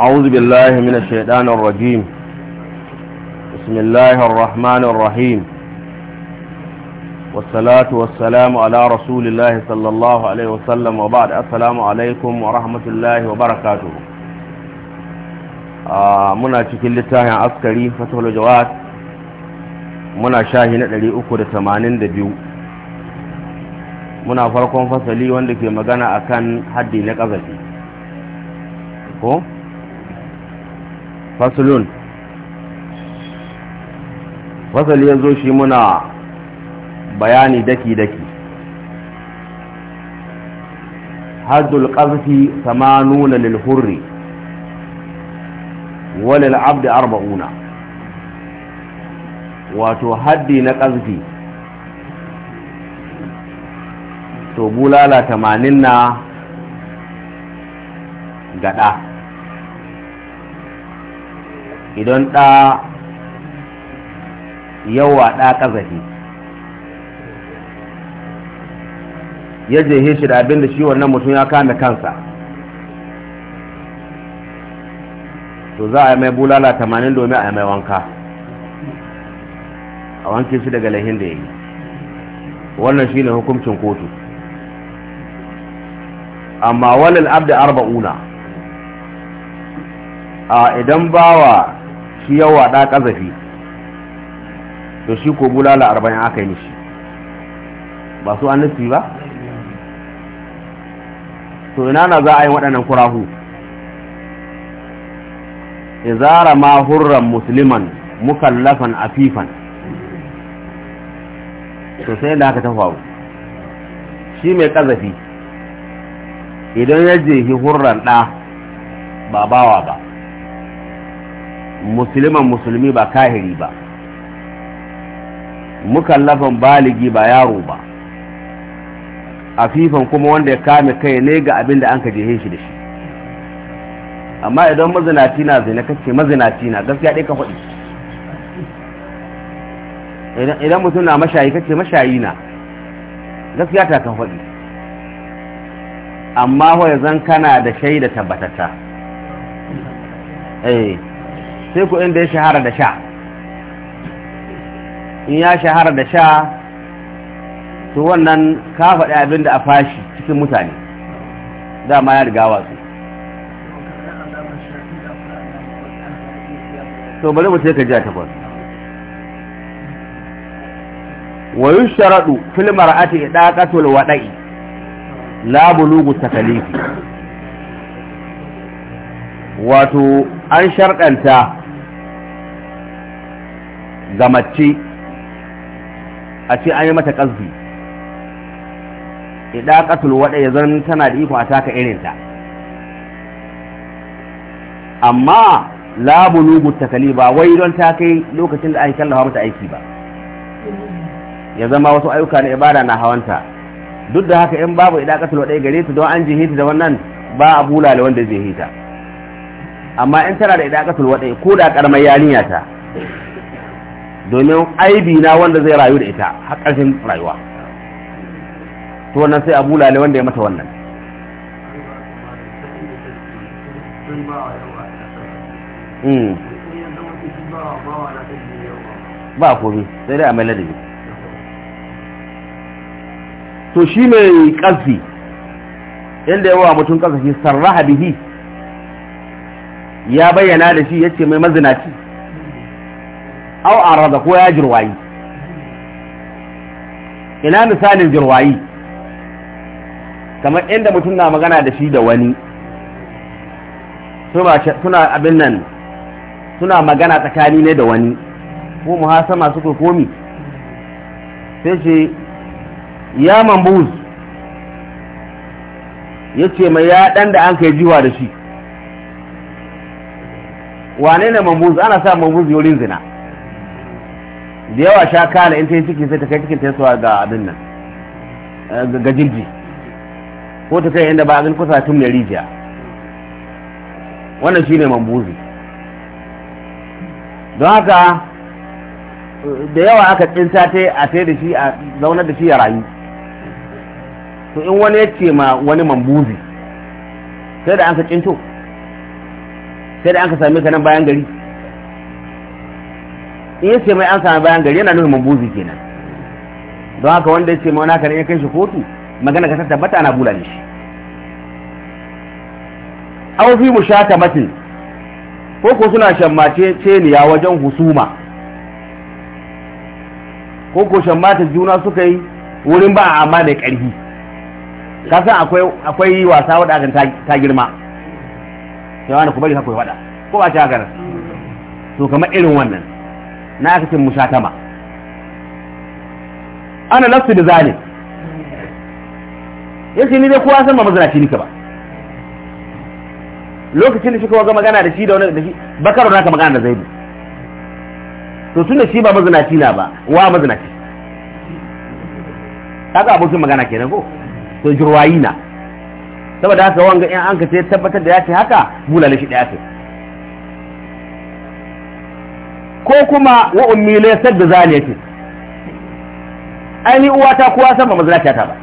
أعوذ بالله من الشيطان الرجيم بسم الله الرحمن الرحيم والصلاة والسلام على رسول الله صلى الله عليه وسلم وبعد السلام عليكم ورحمة الله وبركاته آه منا تكل لتاه عسكري فتح الجوات منا شاهنة لأكد ثمانين دبيو muna farkon fasali wanda ke magana akan haddi na ƙazafi ko fasulun fasali ya zo shi muna bayani daki-daki haddul ƙarfi sama nuna lilhurri walil abdi arba'una wato haddi na ƙarfi to bulala tamanin na gada idan ɗa yawa ɗa ƙazafi ya jehe shi da abin da shi wannan mutum ya kame kansa to za a yi mai bulala tamanin domin a yi mai wanka a wanke shi daga lahin da ya yi wannan shi ne hukuncin kotu amma walil abda arba'una a idan bawa shi yawa da kazafi to shi ko bulala arba'in aka yi mishi ba su an nufi ba to ina na za a yi waɗannan kurahu izara ma hurran musliman mukallafan afifan to sai da haka ta faru shi mai kazafi idan ya jehi hurran ɗa ba bawa ba musulman musulmi ba kahiri ba mukallafan baligi ba yaro ba afifan kuma wanda ya kame kai ne ga abin da an ka jehe shi da shi amma idan mazinaci na na kace mazinaci na gaskiya dai ka faɗi idan mutum na mashayi kace mashayi na gaskiya ta kan faɗi amma ho zan kana da shaida tabbatata eh sai ku inda ya shahara da sha in ya shahara da sha to wannan ka faɗi abin a fashi cikin mutane dama ya riga wasu to bari mu sai ka ji takwas wa filmar fil mar'ati idaqatul waɗai la takalifi wato an sharɗanta zamace a ce an yi mata ƙasbi idan ƙasul waɗa ya zan tana da iko a taka irinta amma labulugu takali ba wai don ta kai lokacin da ake lafa mata aiki ba ya zama wasu ayyuka na ibada na hawanta duk da haka in babu idan ƙasul waɗa gare ta don an jihita da wannan ba a bula da wanda zai hita amma in tana da idan ƙasul waɗa ko da ƙaramar yarinyata. domin aibi na wanda zai rayu da ita har ƙarshen rayuwa to wannan sai abu lale wanda ya mata wannan hmm. ba komi sai dai a mai ladabi to shi mai ƙarfi inda yawa mutum ƙasa shi sarraha bihi ya bayyana da shi ya ce mai mazinaci au arada ko ya jirwayi ina misalin jirwayi kamar inda mutum na magana da shi da wani suna abin nan suna magana tsakani ne da wani ko muhasama suka komi sai ce ya mambuz ya ce mai ya ɗan da an kai jiwa da shi wane ne mambuz ana sa mambuz yorin zina da yawa sha kala in ta yi ciki sai ta kai cikin taisuwa ga abin nan eh, ga jirgi ko ta kai inda ba abin kusa tun mai rijiya wannan shi ne mambuzi don haka da yawa aka tsinta ta a sai da shi a zaunar da shi ya rayu to in wani ya ce ma wani mambuzi sai da an ka tsinto sai da an ka same ka nan bayan gari in ce mai an sami bayan gari yana nufin mambuzi kenan don haka wanda ce mai wani kare ya kai shi kotu magana ka tabbata ana bula shi an fi mushatamatin ko ko suna shammace ce ne ya wajen husuma ko ko shammata juna suka yi wurin ba a amma da ƙarfi kasan akwai akwai wasa wadda ta girma yawa ku bari ka koyi wada ko ba ta gara to kamar irin wannan na aka ce musatama ana lafi da zane ya ce ni dai kowa san ba shi nika ba lokacin da shi kawo ga magana da shi da wani da shi Bakar na naka magana da zaidu to tun da shi ba shi na ba wa mazana Ta kaga abokin magana kenan ko to jirwayi na saboda haka wanga in an ka ce tabbatar da ya ce haka bulale shi daya ce ko kuma wa ummi laysat da zaliyati aini uwa ta kuwa san ba mazalaciya ta ba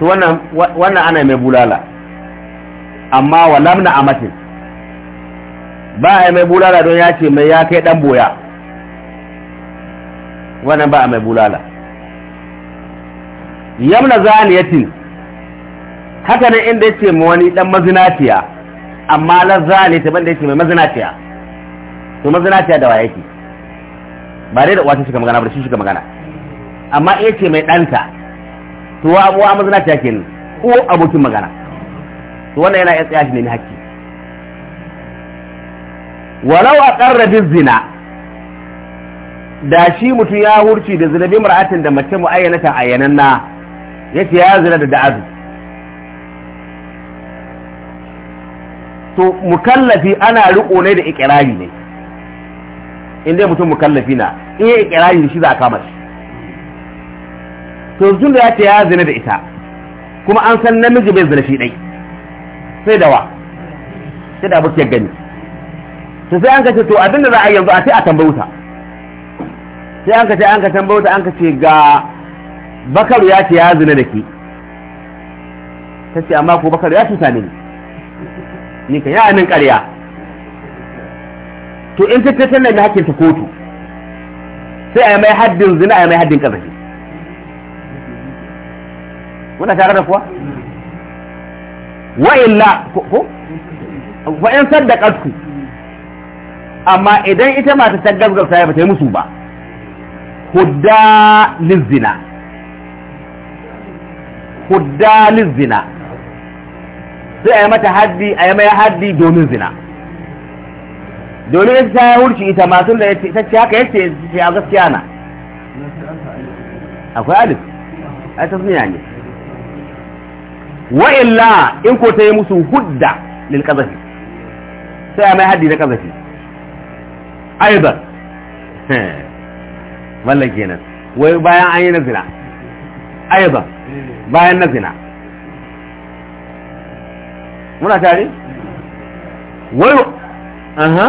to wannan wannan ana mai bulala amma walamna amatin ba a mai bulala don ya ce mai ya kai dan boya wannan ba a mai bulala yamna zaliyatin haka nan inda ya ce wani dan mazinaciya amma lazza ne ta banda yake mai mazinaciya to mazinaciya da wa yake ba dai da uwa ta shiga magana ba da shi shiga magana amma iya ce mai ɗanta to wa abuwa mazinaciya kenan ko abokin magana to wannan yana iya shi ne hakki walau a ƙarrabin zina da shi mutum ya hurci da zinabi mar'atin da mace mu ayyana mu'ayyanatan na, yace ya zina da da'azu to mukallafi ana riko ne da ikirari ne in dai mutum mukallafi na in ya ikirari shi za a kama shi to tun da ya ce ya zina da ita kuma an san namiji bai zina shi dai sai da wa sai da abokiyar gani to sai an kace to abin da za a yanzu a ce a wuta sai an kace an ka wuta an kace ga bakaru ya ce ya zina da ke ta ce amma ko bakaru ya cuta ne ni ka ya nan ƙarya to in ta tattalin da hakin ta kotu sai a yi mai haddin zina a yi mai haddin ƙazafi muna tare da kuwa la ko wa'in saddaqatku amma idan ita mata ta gaggauta ba ta yi musu ba hudda lizzina hudda lizina sai a yi mata haddi a yi mai haddi domin zina domin ita ta wurci ita masu da ta ce haka ce ya gaskiya na akwai alif ta suna ne wa illa in ko ta yi musu hudda lil kazafi sai a mai haddi na kazafi aidan wallan kenan wai bayan an yi na zina aidan bayan na zina muna tare wayo aha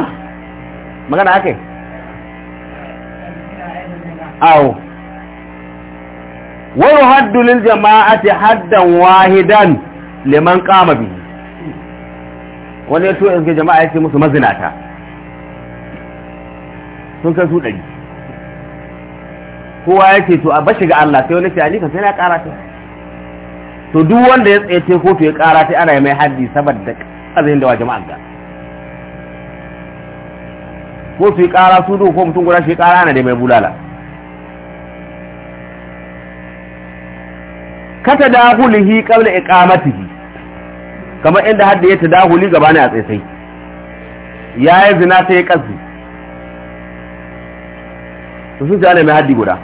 magana ake awo Wani haddu lil jama'ati haddan wahidan liman qama bi wani to yanzu jama'a ce musu mazinata sun kai su dari kowa ce to a bashi ga Allah sai wani ce ali ka sai na karata to duk wanda ya tsaye kotu ya kara ta ana mai haddi saboda azin da wa jama'a ga ko su yi kara su ko mutum guda shi kara ana da mai bulala kata dahulihi qabla iqamatihi kamar inda hadda ya tadahuli gabanin a tsaitsai yayi zina sai ya kasu to sun ji ana mai haddi guda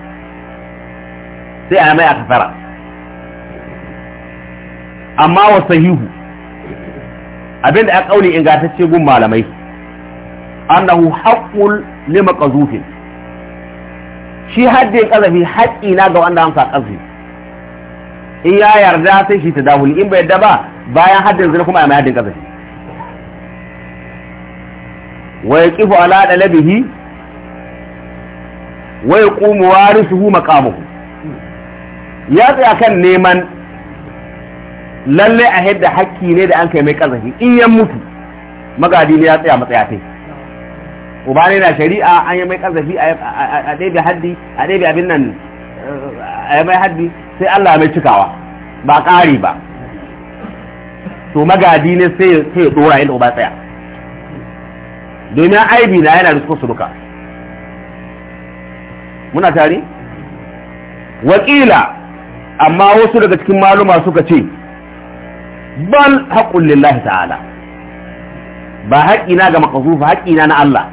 sai a mai a kasara amma wa sahihu abinda ya kauli ingantacce gun malamai annahu haqqul lima shi haddin kazafi haqqi na ga wanda amsa kazafi in ya yarda sai shi tadahul in bai yarda ba bayan haddin zina kuma ya mai haddin kazafi wa yaqifu ala dalabihi wa yaqumu warithuhu maqamuhu ya tsaya kan neman lalle a yadda hakki ne da an kai mai kazafi in yan mutu magadi ne ya tsaya matsaya tai uba ne na shari'a an yi mai kazafi a ɗebe haddi a ɗebe abin nan a yi mai haddi sai Allah mai cikawa ba ƙari ba to magadi ne sai ya ɗora inda uba tsaya domin aibi na yana risko su duka muna tare wakila amma wasu daga cikin maluma suka ce bal haqqun lillahi ta'ala ba haƙi na ga makazufa haƙi na Allah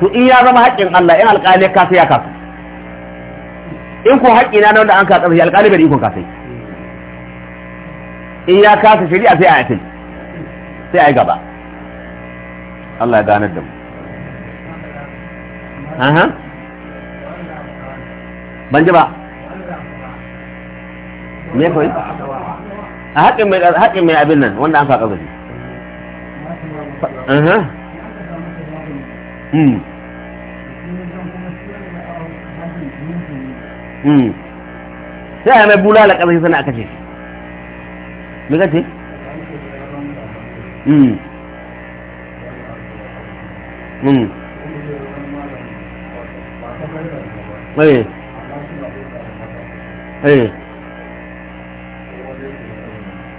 to in ya zama haƙin Allah in alƙali ka sai ya kasu in ko haƙi na wanda an ka tsarki alƙali bai ikon kasai in ya kasu shari'a sai a yatin sai a yi gaba Allah ya ganar da mu ban ji ba me kawai a haƙin mai haƙin mai abin nan wanda an fa kabari hmm. hmm. sai a mai bulala kabari sana aka ce me kace mm mm eh. eh.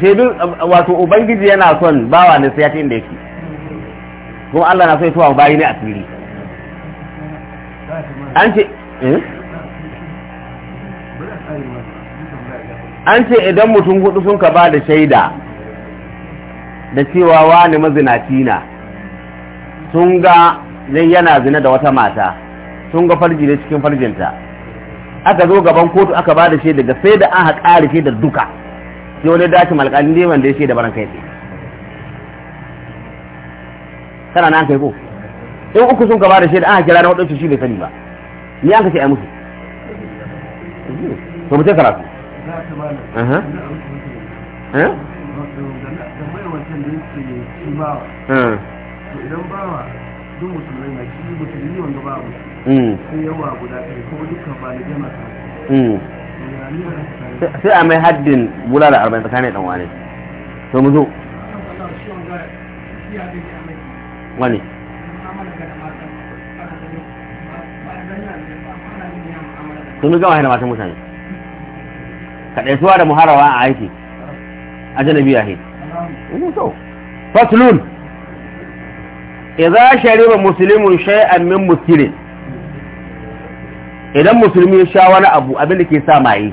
shaidun wato ubangiji yana son bawa ne sai ya inda yake kuma Allah na so ya tuwa ne a fili an ce eh? an ce idan mutum hudu sun ka ba da shaida da cewa wani mazinaci na sun ga yana zina da wata mata sun ga farji ne cikin farjinta aka zo gaban kotu aka ba da shaida ga sai da an haƙa da duka yau da dace malƙalin ne wanda ya ce da baran kai tana nan kai ko in uku sun gaba da shi da aka kira na waɗansu shi bai sani ba ni an ka ce ai musu to mu karatu idan bawa duk ne shi wanda ba musu hmm. sai yawa guda ɗaya kuma dukkan ba da jama'a hmm. sai a mai haddin bulala arba'in tsakanin dan wane to mu zo wani to mu gama da matan mutane suwa da muharawa a aiki a janabi a hin faslun idza shariba musulmin shay'an min muskirin idan musulmi ya sha wani abu abin da ke sa maye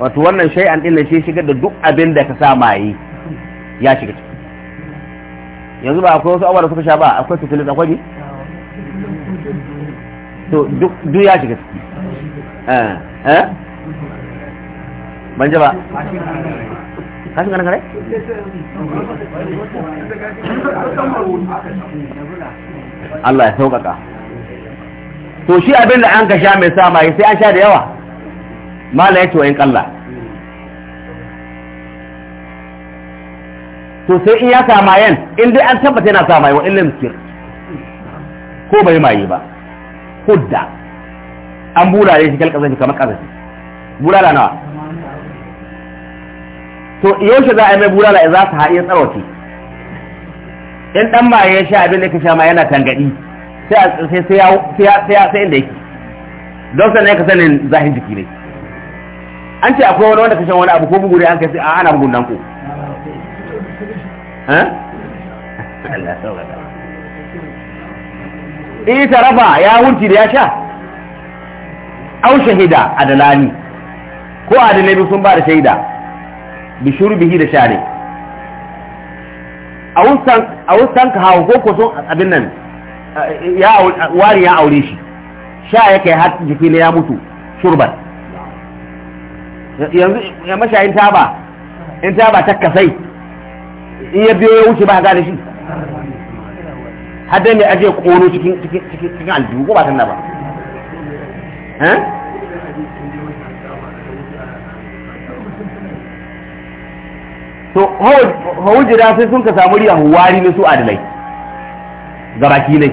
wato wannan shay'an din shi shigar da duk abin da ka sa yi ya shiga ciki yanzu ba akwai wasu abubuwa da suka sha ba akwai tilis akwai ne to duk ya shiga ciki eh eh ban ji ba kashin ganin kare? Allah ya sauƙaƙa to shi abin da an ka sha mai sa maye sai an sha da yawa mala ya ce wa in kalla to sai in ya sama yan in dai an tabbata yana sama yi wa ilin sir ko bai maye ba hudda an ne shi kalkasa shi kamar kasa shi da nawa to yaushe za a yi mai da za su haɗe tsaroki in dan maye ya sha abin da ka sha ma yana tangadi sai sai sai sai inda yake don sannan ka sanin zahin jiki ne an ce akwai wani wanda kashe wani abu ko bugu da an kai a ana bugun nan ko in tarafa ya wunci da ya sha au shahida a dalani ko adalai sun ba da shahida bi bihi da share a wutan ka hawa ko kusan abin nan wari ya aure shi sha ya kai har jiki ne ya mutu shurban yanzu ya in taba in taba ta kasai in ya biyo ya wuce ba da shi haddai mai ajiye kono cikin aljihu ko ba sanna ba eh? to jira sai sun ka samu riya wari na su adalai gabaki ne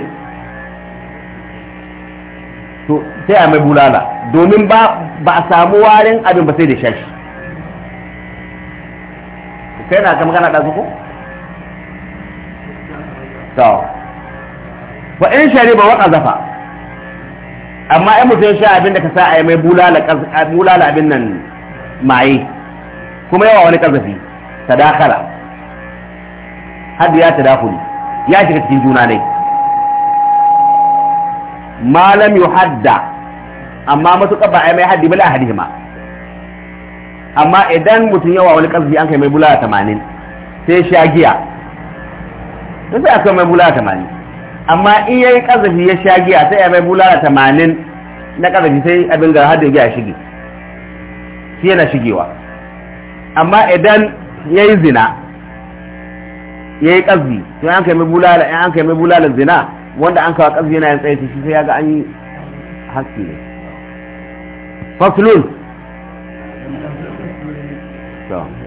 to sai a mai bulala domin ba a samu warin abin ba sai da shashi kai na ga magana ɗazu ko? To fa in shari ba waka zafa amma in mutum sha abin da ka sa a yi mai bulala abin nan maye kuma yawa wani kazafi ta dakala Hadu ya ta dakuli ya shiga cikin juna ne malam yu hadda amma matuƙa ba a mai haddi bala a ma amma idan mutum yawa wani ƙasbi an kai mai bula tamanin sai sha giya don sai aka mai bula tamanin amma in ya yi ƙasbi ya sha giya sai ya mai bula tamanin na ƙasbi sai abin ga haddi giya shige shi yana shigewa amma idan ya yi zina ya yi ƙasbi sai an kai mai bula an kai mai bula zina wanda an kawo ƙasbi yana yin tsaye shi sai ya ga an yi haske ne faslun